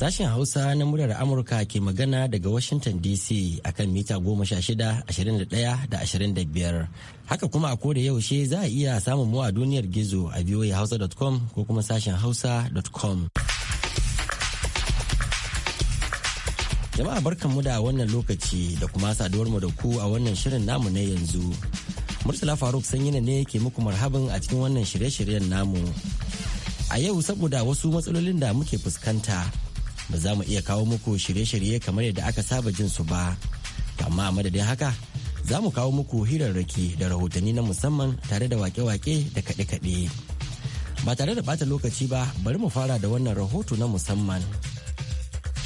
Sashen Hausa na muryar Amurka ke magana daga Washington DC a kan mita goma sha shida, da ɗaya da biyar. Haka kuma a koda yaushe za a iya samun mu a duniyar gizo a voahausa.com ko kuma sashen hausa.com. Jama'a barkanmu da wannan lokaci da kuma saduwar mu da ku a wannan shirin namu na yanzu. Murtala Faruk Sanyina ne yake muku marhabin a cikin wannan shirye-shiryen namu. A yau saboda wasu matsalolin da muke fuskanta ba za mu iya kawo muku shirye-shirye kamar yadda aka saba jin su ba. Amma a madadin haka za mu kawo muku hirarraki da rahotanni na musamman tare da wake-wake da kaɗe-kaɗe. Ba tare da bata lokaci ba bari mu fara da wannan rahoto na musamman.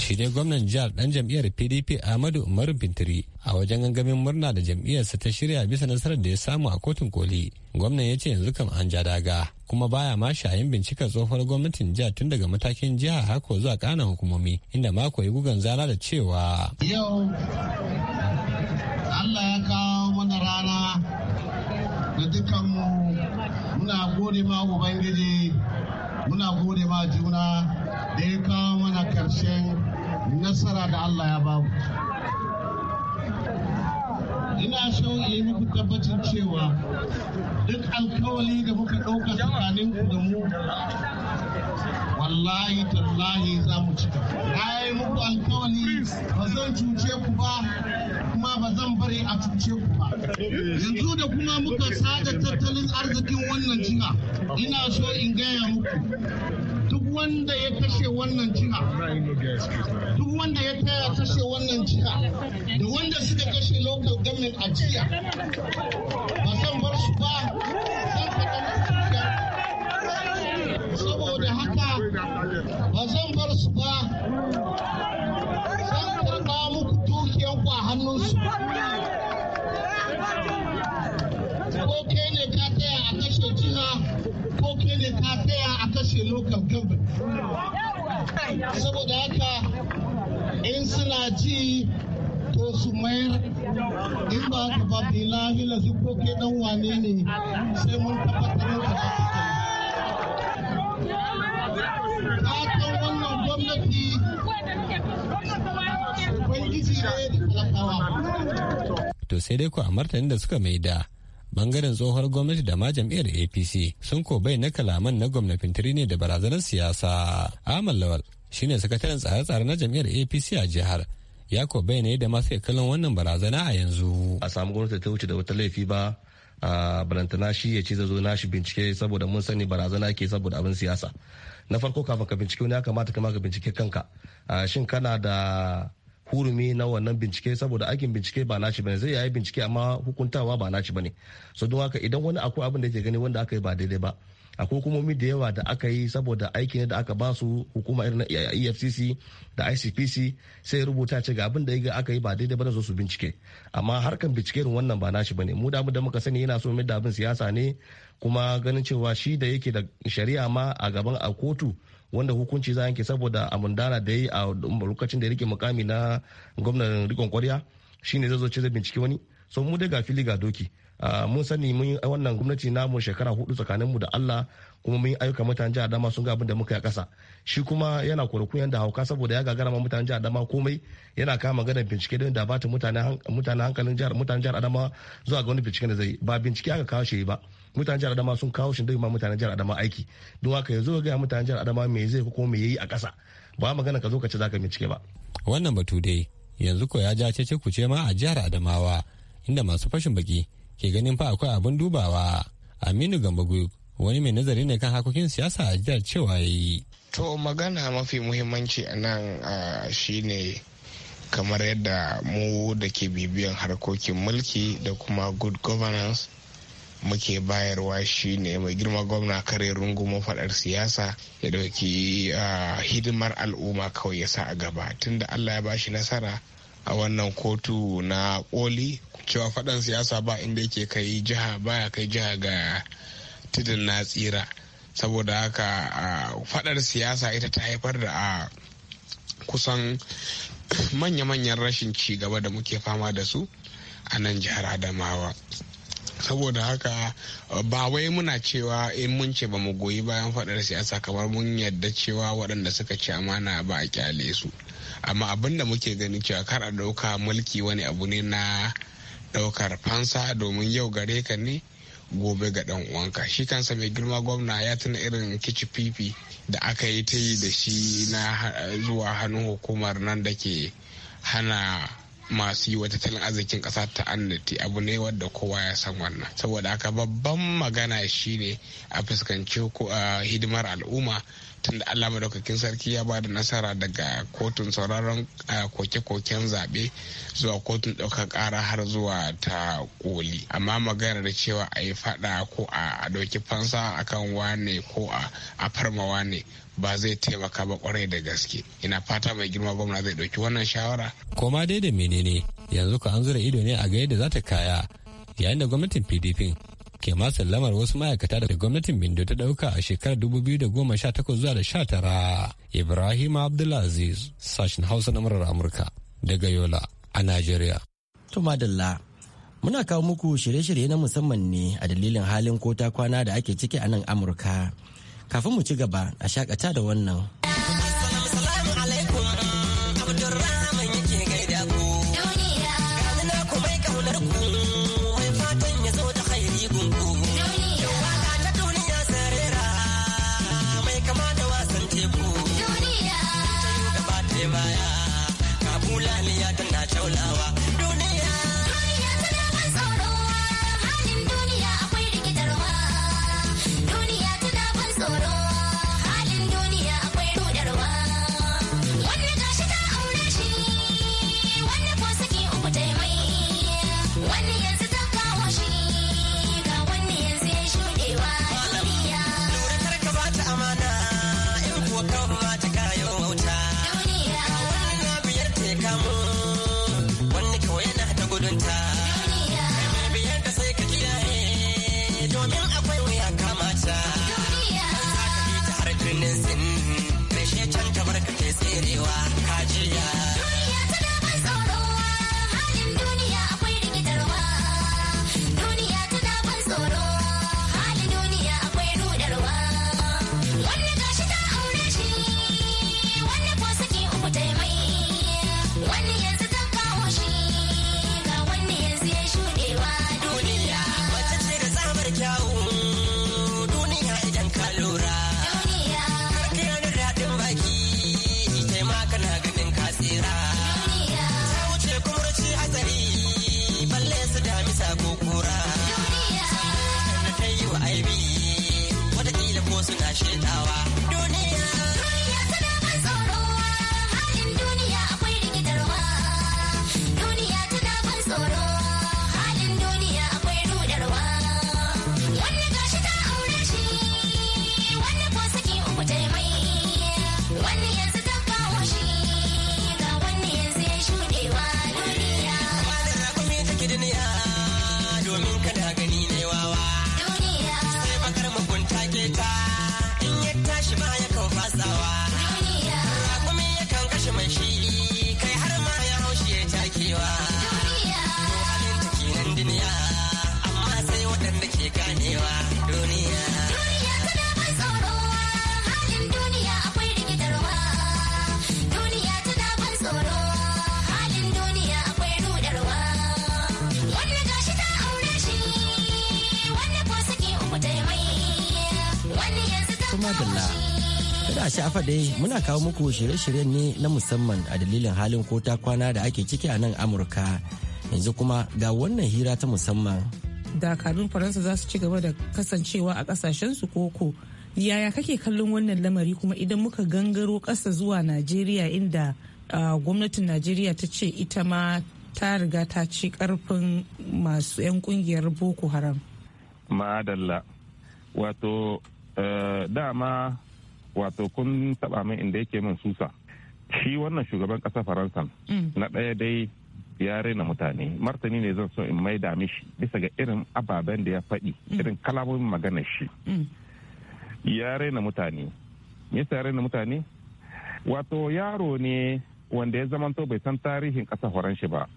shi dai gwamnan jihar dan jam'iyyar pdp ahmadu umar bintiri a wajen gangamin murna da jam'iyyarsa ta shirya bisa nasarar da ya samu a kotun koli gwamnan ya ce yanzu kam an ja daga kuma baya ma shayin bincika tsohuwar gwamnatin jihar tun daga matakin jiha hako zuwa kanan hukumomi inda mako ya gugan zana da cewa yau allah ya kawo mana rana da dukkanmu muna gode ma ubangiji muna gode ma juna da ya kawo mana karshen nasara da Allah ya babu ina so yi muku tabbacin cewa duk alkawali da muka ɗauka tsakanin ku da mu wallahi tallahi za mu cika na muku alkawali ba zan cuce ku ba amma ba zan bari a cuce ku ba yanzu da kuma muka sada tattalin arzikin wannan jiha ina so in gaya muku duk wanda ya kashe wannan jiha duk wanda ya taya kashe wannan jiha da wanda suka kashe local government a jiya ba zan bar su ba local government saboda haka in suna ci to su mayar in ba haka ba bilahi lazi ko ke dan wane ne sai mun tabbatar da fatan wannan gwamnati ubangiji ne da talakawa to sai dai ku a martanin da suka maida bangaren tsohuwar gwamnati da ma jam'iyyar apc sun ko na kalaman na gwamnatin ne da barazanar siyasa ahmad lawal shine sakataren tsare-tsare na jam'iyyar apc a jihar ya ko ne da masu kallon wannan barazana a yanzu a samu gwamnati ta wuce da wata laifi ba a balantana shi ya ciza zo nashi bincike saboda mun sani barazana ke saboda abin siyasa na farko kafin ka bincike wani ya kamata kama ka bincike kanka shin kana da hurumi na wannan bincike saboda aikin bincike ba naci bane zai yayi bincike amma hukuntawa ba naci bane so don haka idan wani akwai abin da ke gani wanda aka yi ba daidai ba akwai hukumomi da yawa da aka yi saboda aiki ne da aka ba su hukuma irin na efcc da icpc sai rubuta ce ga abin da ya aka yi ba daidai ba zo su bincike amma harkan bincike irin wannan ba nashi bane mu da mu da muka sani yana so mai da abin siyasa ne kuma ganin cewa shi da yake da shari'a ma a gaban a kotu wanda hukunci za yanke saboda mundana da yi a lokacin da ya rike mukami na gwamnan rikon kwarya Shi zai zo ce zai binciki wani so mu dai ga fili ga doki mun sani mun wannan gwamnati namu shekara hudu tsakanin mu da Allah kuma mun yi ayyuka mutanen jihar Adama sun ga abin da muka yi kasa shi kuma yana kurkun yanda hauka saboda ya gagara ma mutanen jihar Adama komai yana kama ganin bincike don da ba ta mutanen hankalin jihar Adama zuwa ga wani bincike da zai ba bincike aka kawo shi ba mutanen jihar adama sun kawo shi dai ma mutanen jihar adama aiki don haka yanzu ga mutanen jihar adama me zai ko me yayi a ƙasa ba magana ka zo ka ce zaka bincike ba wannan batu dai yanzu ko ya ja cece kuce ma a jihar adamawa inda masu fashin baki ke ganin fa akwai abin dubawa aminu gambagu wani mai nazari ne kan harkokin siyasa a jihar cewa yayi yi to magana mafi muhimmanci a nan shine kamar yadda mu da ke bibiyan harkokin mulki da kuma good governance muke bayarwa shine mai girma gwamna kare runguma faɗar siyasa ya dauki hidimar al'umma kawai ya sa a gaba tunda allah ya bashi nasara a wannan kotu na koli cewa faɗan siyasa ba inda yake kai jiha baya kai jiha ga tudun na tsira saboda haka faɗar siyasa ita ta haifar da a kusan manya-manyan rashin ci gaba da muke fama da su a nan jihar adamawa saboda haka uh, ba wai muna cewa in mun ce ba mu goyi bayan faɗar siyasa kamar mun yadda cewa waɗanda suka ci amana ba a kyale su amma abin da muke ganin cewa kar a ɗauka mulki wani abu ne na ɗaukar fansa domin yau gare ka ne gobe ga ɗan uwanka shi kansa mai girma gwamna ya tuna irin kici fifi da aka yi ta yi da shi na zuwa hannun hukumar nan da ke hana masu yi wa tattalin arzikin ƙasa ta annati abu ne wadda kowa ya san wannan saboda haka babban magana shine a fuskanci hidimar al'umma tunda Allah madaukakin sarki ya ba da nasara daga kotun sauraron koke-koken zaɓe zuwa kotun ɗaukar ƙara har zuwa ta koli amma magana da cewa a yi faɗa ko a ɗauki fansa akan wane ko a farma wane ba zai taimaka ba kwarai da gaske ina fata mai girma gwamna zai ɗauki wannan shawara. koma dai da menene yanzu ka an zura ido ne a ga yadda za ta kaya yayin da gwamnatin pdp ke ma sallamar wasu ma'aikata da gwamnatin bindo ta dauka a shekarar 2018 zuwa da 19 ibrahim abdulaziz sashen hausa na murar amurka daga yola a nigeria to madalla muna kawo muku shirye-shirye na musamman ne a dalilin halin ko kwana da ake ciki a nan amurka kafin mu ci gaba a shakata da wannan a faɗe muna kawo muku shirye-shiryen ne na musamman a dalilin halin ko ta kwana da ake ciki a nan Amurka. Yanzu kuma ga wannan hira ta musamman. Dakarun Faransa za su ci gaba da kasancewa a kasashen su koko. Yaya kake kallon wannan lamari kuma idan muka gangaro kasa zuwa Najeriya inda gwamnatin Najeriya ta ce ita ma ta riga ta ci karfin masu 'yan kungiyar boko haram. ma'adalla wato eh, dama wato kun taba min inda yake min susa shi wannan shugaban kasa faransa mm. na ɗaya dai ya raina mutane martani ne zan so in mai da mishi bisa ga irin ababen da ya faɗi mm. irin kalamomin maganar shi mm. ya raina mutane yasa ya raina mutane wato yaro ne wanda ya zamanto bai san tarihin kasa horon shi ba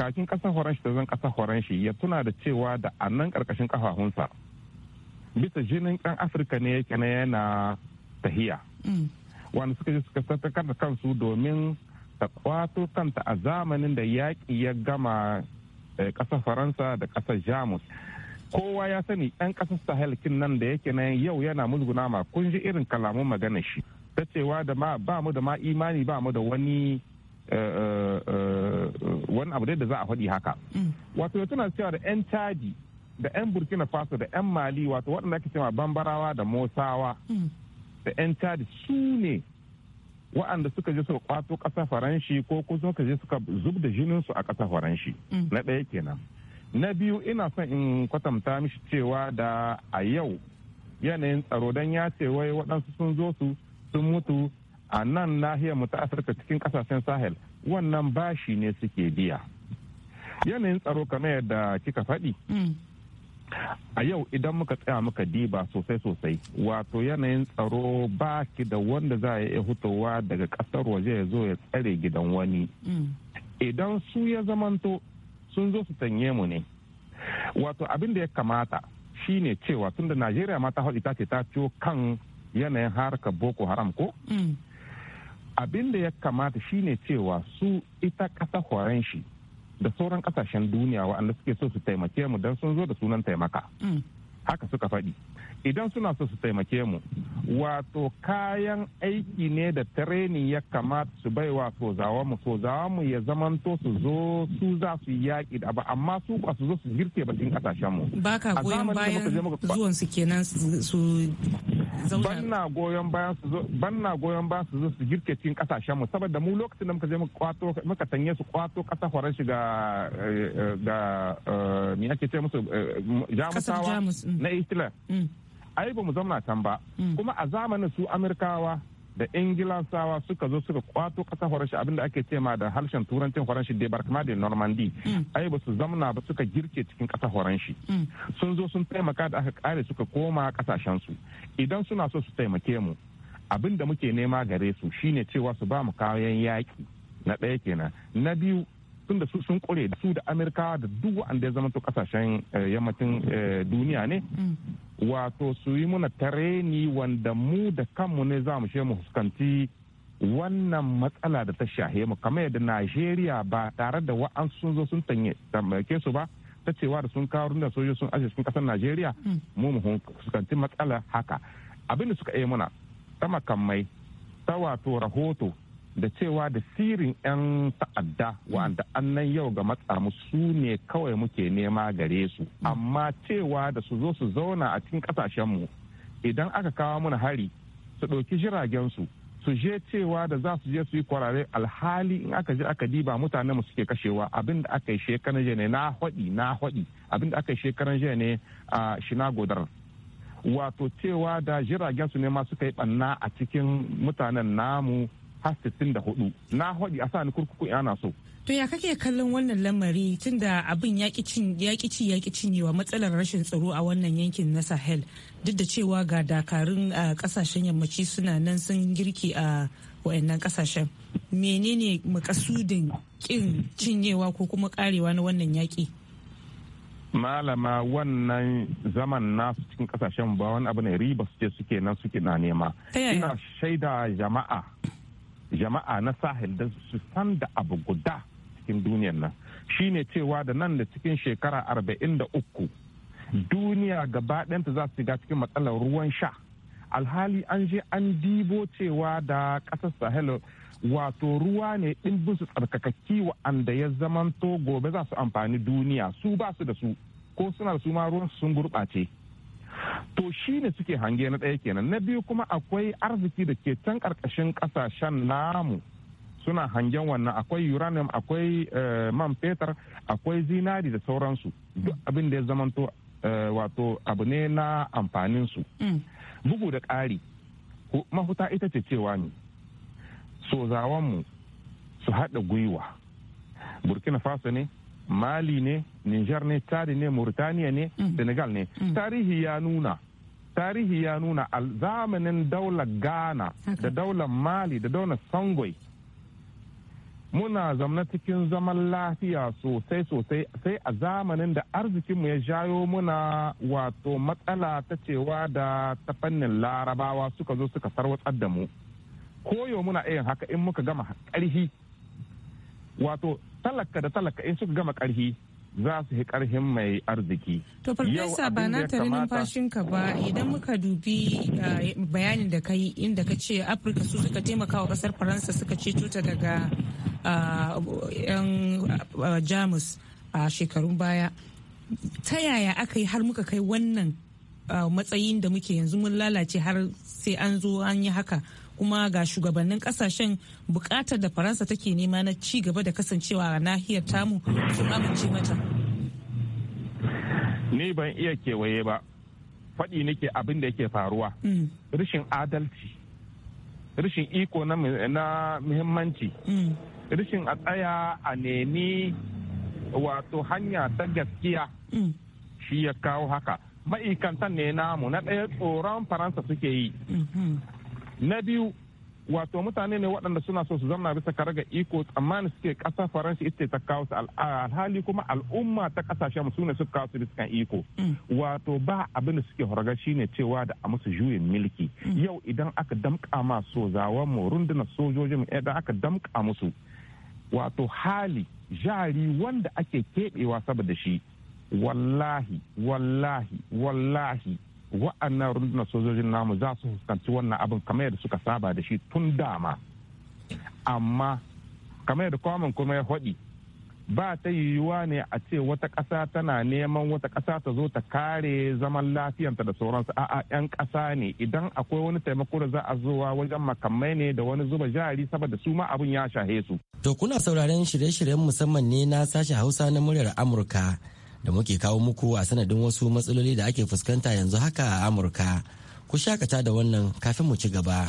kakin kasa horon shi ta zan kasa horon shi ya tuna da cewa da annan karkashin kafafunsa bisa jinin kan afirka ne yake na yana tahiya mm. wanda suka je suka tattakar da kansu domin ta kwato kanta a zamanin da yaƙi ya gama eh, ƙasar faransa da ƙasar jamus kowa ya sani ɗan ƙasar sahel kin nan da yake nan yau yana musguna ma kun ji irin kalamun magana shi ta cewa da ma ba mu da ma imani ba mu da wani eh, eh, wani abu da za a faɗi haka mm. wato tuna cewa da 'yan chadi da 'yan burkina faso da 'yan mali wato waɗanda ake cewa bambarawa da mosawa mm. da 'yan chad su ne wa'anda suka je suka kwato ƙasa faranshi ko kuma suka je suka zub da jininsu a ƙasa faranshi mm. na ɗaya kenan na biyu ina son in kwatanta mishi cewa da a yau yanayin tsaro don ya ce wai waɗansu sun zo su sun mutu a nan nahiyar mu ta afirka cikin ƙasashen sahel wannan bashi ne suke biya yanayin tsaro kamar yadda kika faɗi mm. a yau idan muka tsaya muka diba sosai sosai wato yanayin tsaro ba ki da wanda za a iya hutowa daga kasar waje ya zo ya tsare gidan wani mm. idan su ya zamanto sun zo su tanye mu ne wato abin da ya kamata shine cewa tunda najeriya ma ta hau ita ce ta ciyo kan yanayin harkar boko haram ko mm. abin da ya kamata shine cewa su ita ƙasa horon shi da sauran kasashen duniya waɗanda suke so su taimake mu don sun zo da sunan taimaka mm. haka suka faɗi idan suna so su taimake mu wato kayan aiki ne da training ya kamata su bai wa sozawa mu sozawa mu ya zamanto su zo su za su yaƙi da ba amma su ba su zo su girke ba cikin kasashen mu ba ka goyon bayan zuwan su kenan su banna goyon basu zo goyon bayan su zo su girke cikin kasashen mu saboda mu lokacin da muka je muka tanye su kwato kasa horon shi ga ga eh, eh, eh, me ake ce musu jamusawa mm. na Hitler mm. ai ba mu zauna can ba mm. kuma a zamanin su amurkawa. da ingilasawa suka zo suka kwato ƙasar faranshi abinda ake cema da harshen turancin faranshi barkama de normandy mm. ai ba su zamna ba suka girke cikin ƙasar faranshi mm. sun zo sun taimaka da aka kare suka koma su idan suna so su taimake mu abinda muke nema gare su shine cewa su ba mu kayan yaki na ɗaya kenan na biyu tunda su sun kure da su da amurka da duk wanda ya zama to kasashen eh, yammacin eh, duniya ne mm. wato su yi muna tareni wanda mu da kanmu ne za mu she mu fuskanci wannan matsala da ta shahe mu kamar yadda najeriya ba tare da wa'an sun zo sun tamake su ba ta cewa da sun kawo da sojoji sun ashe sun kasar najeriya mm. mu mu fuskanci matsala haka abinda suka yi muna ta makamai ta wato rahoto da cewa da sirin 'yan ta'adda wanda mm. annan yau ga matsa su ne kawai muke nema gare su mm. amma cewa da su zo su zauna a cikin kasashenmu idan aka kawo muna hari su ɗauki jiragen su su je cewa da za su je su yi kwarare alhali in aka ji aka diba mutane mu suke kashewa abin da aka yi shekaran jiya ne na haɗi na haɗi abin da aka yi shekaran jiya ne a shinagodar wato cewa da jiragen su ne ma suka yi ɓanna a cikin mutanen namu har 64 na hodi a sa ni kurkuku ana so to ya kake kallon wannan lamari tunda abin ya cin ya ci ya cinyewa matsalar rashin tsaro a wannan yankin na Sahel duk da cewa ga dakarun kasashen yammaci suna nan sun girki a wayannan kasashen menene makasudin kin cinyewa ko kuma karewa na wannan yaki malama wannan zaman nasu cikin kasashen ba wani abu ne riba suke suke nan suke na nema ina shaida jama'a jama'a na sahel da su san da abu guda cikin duniyar nan shine cewa da nan da cikin shekara arba'in da uku duniya gaba ɗanta za su shiga cikin matsalar ruwan sha alhali an je an dibo cewa da ƙasar sahel wato ruwa ne ɗimbin su tsarkakakki wa'anda ya zamanto gobe za su amfani duniya su ba su da su ko suna da su ma ruwan sun gurɓace to shi ne suke hange na ɗaya kenan na biyu kuma akwai arziki da ke can ƙarƙashin ƙasashen namu suna hangen wannan akwai uranium akwai eh, man fetur akwai zinari da sauransu duk abin da ya zamanto eh, wato abu ne na amfaninsu mm. bugu da ƙari mahuta ita ce cewa ne sozawanmu su haɗa gwiwa burkina faso ne mali ne niger ne chad ne mauritania ne mm. senegal ne mm. tarihi ya nuna tarihi ya nuna a zamanin daular ghana da daular mali da daular sangoi muna zamna cikin zaman lafiya sosai sosai sai a zamanin da arzikinmu ya jayo muna wato matsala ta cewa da ta fannin larabawa suka zo suka tarwatsar da mu koyo muna irin haka in muka gama ƙarhi wato talaka da talaka in suka gama karhi za su yi karhin mai arziki. To farfesa ba na tare numfashinka ba idan muka dubi uh, bayanin da kai inda ka ce Afirka su suka taimaka wa kasar Faransa suka ceto ta daga uh, yan uh, Jamus a shekarun baya. Ta yaya aka yi har muka kai wannan matsayin da muke yanzu mun lalace har sai an zo an yi haka kuma ga shugabannin kasashen bukatar da faransa take nema na ci gaba da kasancewa a nahiyar tamu su amince mata ni ban iya kewaye ba faɗi nake abin da yake faruwa mm. rashin adalci rashin iko na muhimmanci mm. rashin a tsaya a nemi wato hanya ta gaskiya mm. shi ya kawo haka ma'aikantan ne namu na ɗaya tsoron faransa suke yi mm-hmm. na biyu wato mutane ne waɗanda suna so su zama bisa kare ga iko tsammani suke ƙasa faransa ita ta kawo su alhali kuma al'umma ta ƙasashen su ne suka kawo su bisa iko mm. wato ba abin da suke horaga shine cewa da a musu juyin milki mm. yau idan aka damƙa ma sojawan mu runduna sojojin idan eh, aka damƙa musu wato hali jari wanda ake keɓewa saboda shi wallahi wallahi wallahi wa'annan rundunar sojojin namu za su fuskanci wannan abin kamar yadda suka saba da shi tun dama amma kamar yadda kwamin kuma ya faɗi ba ta yiwuwa ne a ce wata ƙasa tana neman wata ƙasa ta zo ta kare zaman lafiyanta da sauransu a'a 'yan ƙasa ne idan akwai wani taimako da za a zowa wajen makamai ne da wani zuba jari saboda su ma abin ya shahe su. To kuna sauraron shirye-shiryen musamman ne na sashen Hausa na muryar Amurka. da muke kawo muku a sanadin wasu matsaloli da ake fuskanta yanzu haka a Amurka. Ku shakata da wannan kafin mu ci gaba.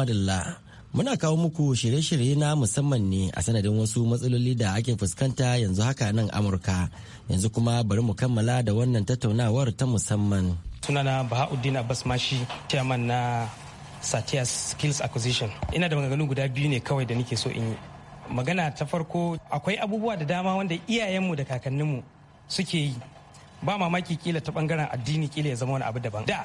madalla muna kawo muku shirye-shirye na musamman ne a sanadin wasu matsaloli da ake fuskanta yanzu haka nan amurka yanzu kuma bari mu kammala da wannan tattaunawar ta musamman sunana bahauddin abbas mashi chairman na satya skills acquisition ina da maganganu guda biyu ne kawai da nake so in yi magana ta farko akwai abubuwa da dama wanda iyayenmu da kakanninmu suke yi ba mamaki kila ta bangaren addini kila ya zama wani abu daban da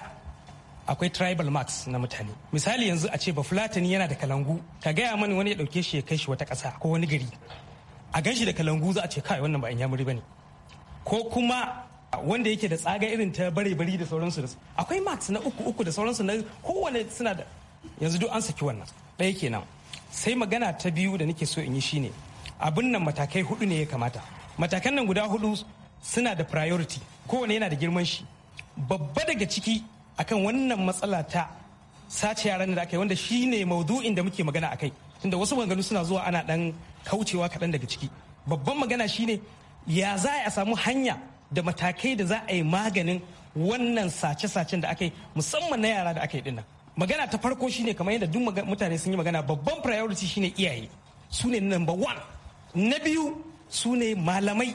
akwai tribal marks na mutane misali yanzu a ce ba fulatani yana da kalangu ka gaya mani wani ya dauke shi ya kai shi wata ƙasa ko wani gari a gan shi da kalangu za a ce kai wannan ba in yamuri bane ko kuma wanda yake da tsaga irin ta bare bari da sauransu da akwai marks na uku uku da sauransu na kowane suna da yanzu duk an saki wannan ɗaya kenan sai magana ta biyu da nake so in yi shine abin nan matakai hudu ne ya kamata matakan nan guda hudu suna da priority kowane yana da girman shi babba daga ciki akan wannan matsala ta sace yaran da aka yi wanda shi ne maudu'in da muke magana a akai tunda wasu maganganu suna zuwa ana dan kaucewa kaɗan daga ciki babban magana shi ne ya za a samu hanya da matakai da za a yi maganin wannan sace-sacen da aka yi musamman na yara da aka yi dinnan magana ta farko shine kamar yadda duk mutane sun yi magana babban priority shine iyaye su ne number one na biyu su ne malamai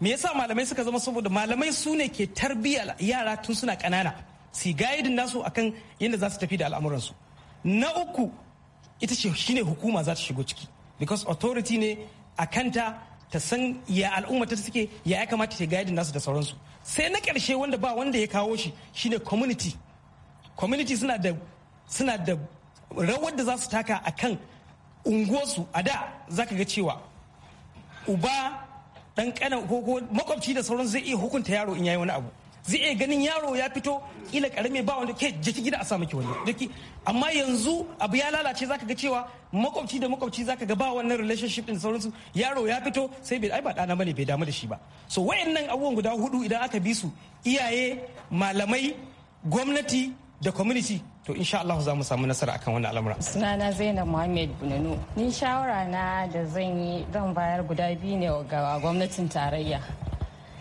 me yasa malamai suka zama saboda malamai su ne ke tarbiyyar yara tun suna kanana. su gaidin nasu akan yadda za su tafi da al'amuransu na uku ita ce shine hukuma za ta shigo ciki because authority ne a kanta ta san ya al'umma ta suke ya ya kamata ta gaidin nasu da sauransu sai na karshe wanda ba wanda ya kawo shi shine community community suna da suna da rawar da za su taka akan unguwarsu a da za ka ga cewa uba dan kana ko makwabci da sauran zai iya hukunta yaro in yayi wani abu zai iya ganin yaro ya fito kila karami ba wanda ke jiki gida a samu miki wani jiki amma yanzu abu ya lalace zaka ga cewa makwabci da makwabci zaka ga ba wannan relationship din sauransu yaro ya fito sai bai ai ba dana bane bai damu da shi ba so wayannan abubuwan guda hudu idan aka bi su iyaye malamai gwamnati da community to insha Allah za mu samu nasara akan wannan al'amura. Sunana Zainab Muhammad Bunanu. Ni shawara na da zan yi zan bayar guda biyu ne ga gwamnatin tarayya.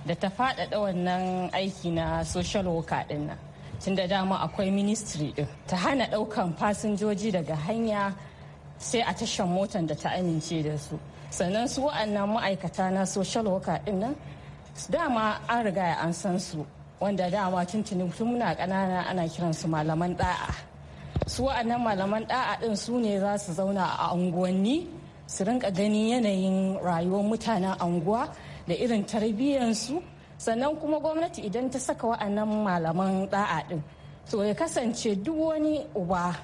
da ta faɗaɗa wannan aiki na social worker ɗin nan tun da dama akwai ministry ɗin ta hana ɗaukan fasinjoji daga hanya sai a tashan motan da ta amince da su sannan su wa'annan ma'aikata na social worker ɗin nan dama an riga an san su wanda dama tuntuni tun muna ƙanana ana kiransu malaman ɗa'a su wa'annan malaman ɗa'a ɗin su ne za su zauna a unguwanni su rinka ganin yanayin rayuwar mutanen anguwa da irin tarbiyyansu sannan kuma gwamnati idan ta saka wa'annan malaman da'a din to ya kasance duk wani uba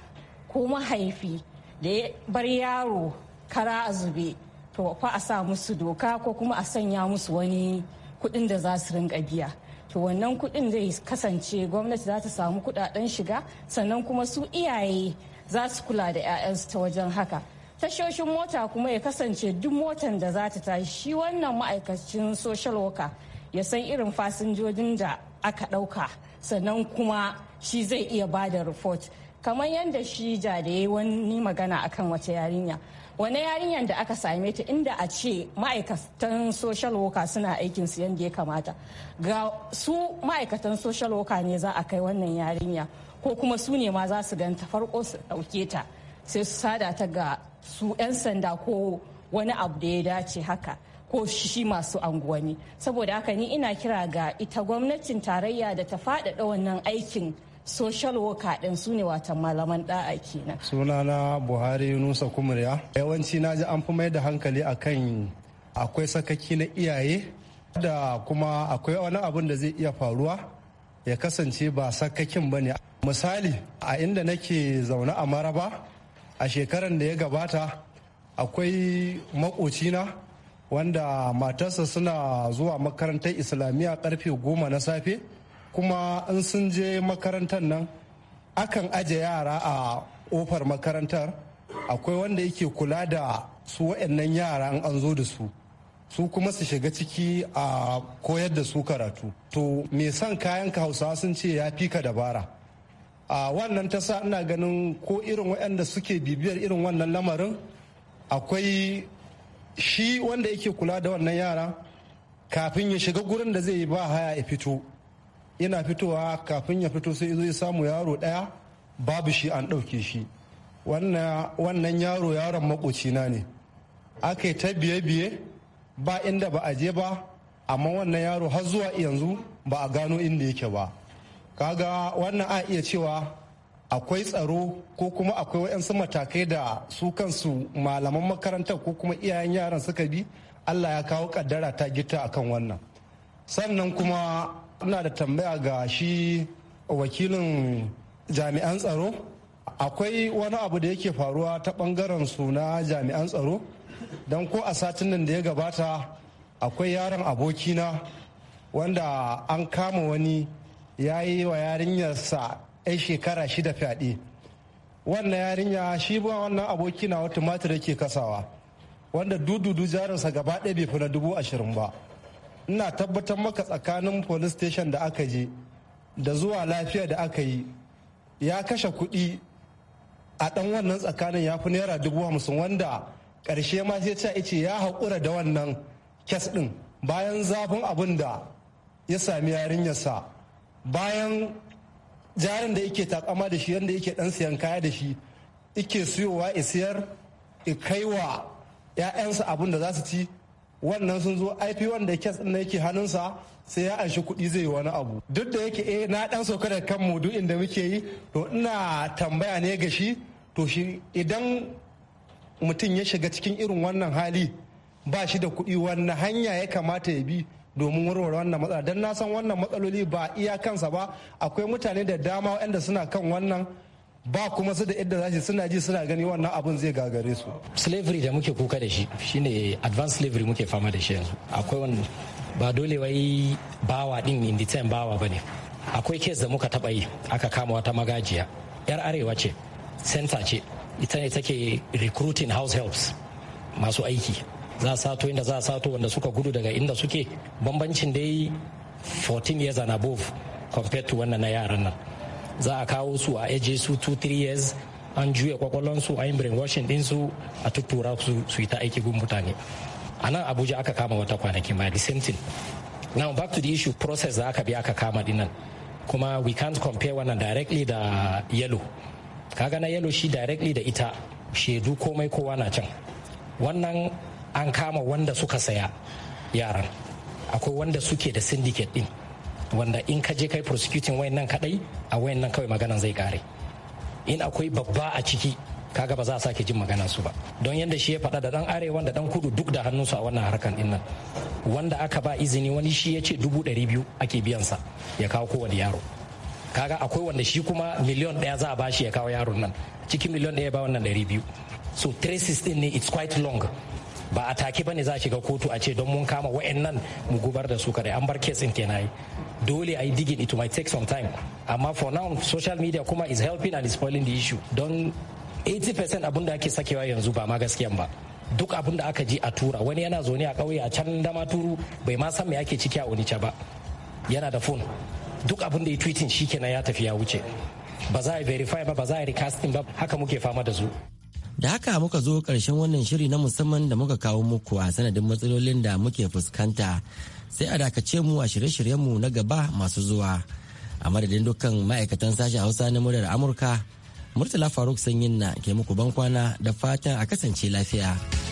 ko mahaifi da ya bar yaro kara a zube to fa a sa musu doka ko kuma a sanya musu wani kuɗin da za su rinka biya to wannan kuɗin zai kasance gwamnati za ta samu kuɗaɗen shiga sannan kuma su iyaye za su kula da 'ya'yansu ta wajen haka tashoshin mota kuma ya kasance duk motan da za ta tashi shi wannan ma'aikacin social worker ya san irin fasinjojin da aka ɗauka sannan kuma shi zai iya ba da report kamar yadda shi ja da ya wani magana akan wata yarinya wani yarinyar da aka same ta inda a ce ma'aikatan social worker suna aikin su yadda ya kamata ga su ma'aikatan social worker ne za a kai wannan yarinya ko kuma su ne ma za su ganta farko su ɗauke ta sai su sada ta ga su 'yan sanda ko wani abu da ya dace haka ko shi masu anguwanni saboda haka ni ina kira ga ita gwamnatin tarayya da ta faɗaɗa wannan aikin social worker ɗin su ne watan malaman ɗa'a kenan sunana buhari nusa kumriya yawanci na ji an fi mai da hankali akan akwai sakaki na iyaye da kuma akwai wani abun da zai iya faruwa ya kasance ba sakakin ba ne misali a inda nake zaune a maraba a shekaran da ya gabata akwai makocina wanda matarsa suna zuwa makarantar islamiyya karfe goma na safe kuma in sun je makarantar nan akan aje yara a kofar makarantar akwai wanda yake kula da su waɗannan yara an an zo da su su kuma su shiga ciki a koyar da su karatu to me son kayan ka hausawa sun ce ya fi ka dabara a wannan ta sa ina ganin ko irin waɗanda suke bibiyar irin wannan lamarin akwai shi wanda yake kula da wannan yara kafin ya shiga gurin da zai yi ba haya ya fito ina fitowa kafin ya fito sai zai samu yaro ɗaya babu shi an ɗauke shi wannan yaro yaron makocina ne aka yi ta biye-biye ba inda ba a je ba amma wannan yaro har zuwa yanzu ba a gano inda yake ba kaga wannan a iya cewa akwai tsaro ko kuma akwai waɗansu matakai da su kansu malaman makarantar ko kuma iyayen yaran suka bi allah ya kawo kaddara ta gita akan wannan sannan kuma ina da tambaya ga shi wakilin jami'an tsaro akwai wani abu da yake faruwa ta ɓangaren su na jami'an tsaro don ko a satin nan da ya gabata akwai yaron abokina wanda an kama wani ya yi wa yarinyarsa 'yan shekara shida fyaɗe wannan yarinya shi ba wannan aboki na tumatir yake kasawa wanda dududu jarinsa gaba ɗaya bai fi na dubu ashirin ba ina tabbatar maka tsakanin police station da aka je da zuwa lafiya da aka yi ya kashe kuɗi a ɗan wannan tsakanin ya fi naira dubu hamsin wanda ƙarshe ma sai ce ice ya haƙura da wannan kes ɗin bayan zafin abin da ya sami yarinyarsa bayan jarin da yake takama da shi yadda yake dan siyan kaya da shi yake siyowa ya siyar ya kai wa 'ya'yansa abin da za su ci wannan sun zo ip wanda kes ɗin yake hannunsa sai ya anshi kuɗi zai wani abu duk da yake eh na dan sauka da kan mu duk inda muke yi to ina tambaya ne ga shi to shi idan mutum ya shiga cikin irin wannan hali ba shi da kuɗi wannan hanya ya kamata ya bi domin warware wannan matsala don na san wannan matsaloli ba iya kansa ba akwai mutane da dama wanda suna kan wannan ba kuma su da yadda zasu suna ji suna gani wannan abun zai gagare su slavery da muke kuka da shi shine advanced slavery muke fama da shi yanzu akwai wani ba dole wai bawa din in the time bawa bane akwai kes da muka taba yi aka kama wata magajiya yar arewa ce center ce ita ne take recruiting house helps masu aiki za a sato inda za a sato wanda suka gudu daga inda suke bambancin dai 14 years and above compared to wannan na yaran nan za a kawo su a aje su 2-3 years an juya kwakwalonsu a yin brainwashing su a tuttura su su yi ta aiki gun mutane a nan abuja aka kama wata kwanaki ma the same thing now back to the issue process da aka bi aka kama dinan kuma we can't compare wannan directly da yellow kaga na yellow shi directly da ita shaidu komai kowa na can wannan an kama wanda suka saya yaran akwai wanda suke da syndicate din wanda in ka je kai prosecuting wayannan kadai a wayannan kawai maganan zai kare in akwai babba a ciki kaga ba za a sake jin magana su ba don yadda shi ya faɗa da dan arewa da dan kudu duk da hannunsu a wannan harkan din nan wanda aka ba izini wani shi ya ce dubu ɗari biyu ake biyansa ya kawo kowane yaro kaga akwai wanda shi kuma miliyon ɗaya za a ba shi ya kawo yaron nan cikin miliyon ɗaya ba wannan ɗari biyu so traces din ne it's quite long ba a take ne za a shiga kotu a ce don mun kama wa'annan mu gubar da su kare an bar kesin kenai dole a yi digin it might take some time amma for now social media kuma is helping and is spoiling the issue don 80% abun da ake sakewa yanzu ba ma gaskiyan ba duk abun da aka ji a tura wani yana zaune a kauye a can dama turu bai ma san me ake ciki a onitsha ba yana da phone duk abun da ya tweeting shikenan ya tafi ya wuce ba za a verify ba ba za a recasting ba haka muke fama da su Da haka muka zo ƙarshen wannan shiri na musamman da muka kawo muku a sanadin matsalolin da muke fuskanta sai a dakace mu a shirye-shiryenmu na gaba masu zuwa. A madadin dukkan ma'aikatan sashen Hausa na muryar Amurka, Murtala Faruk Sanyin na ke muku kwana da fatan a kasance lafiya.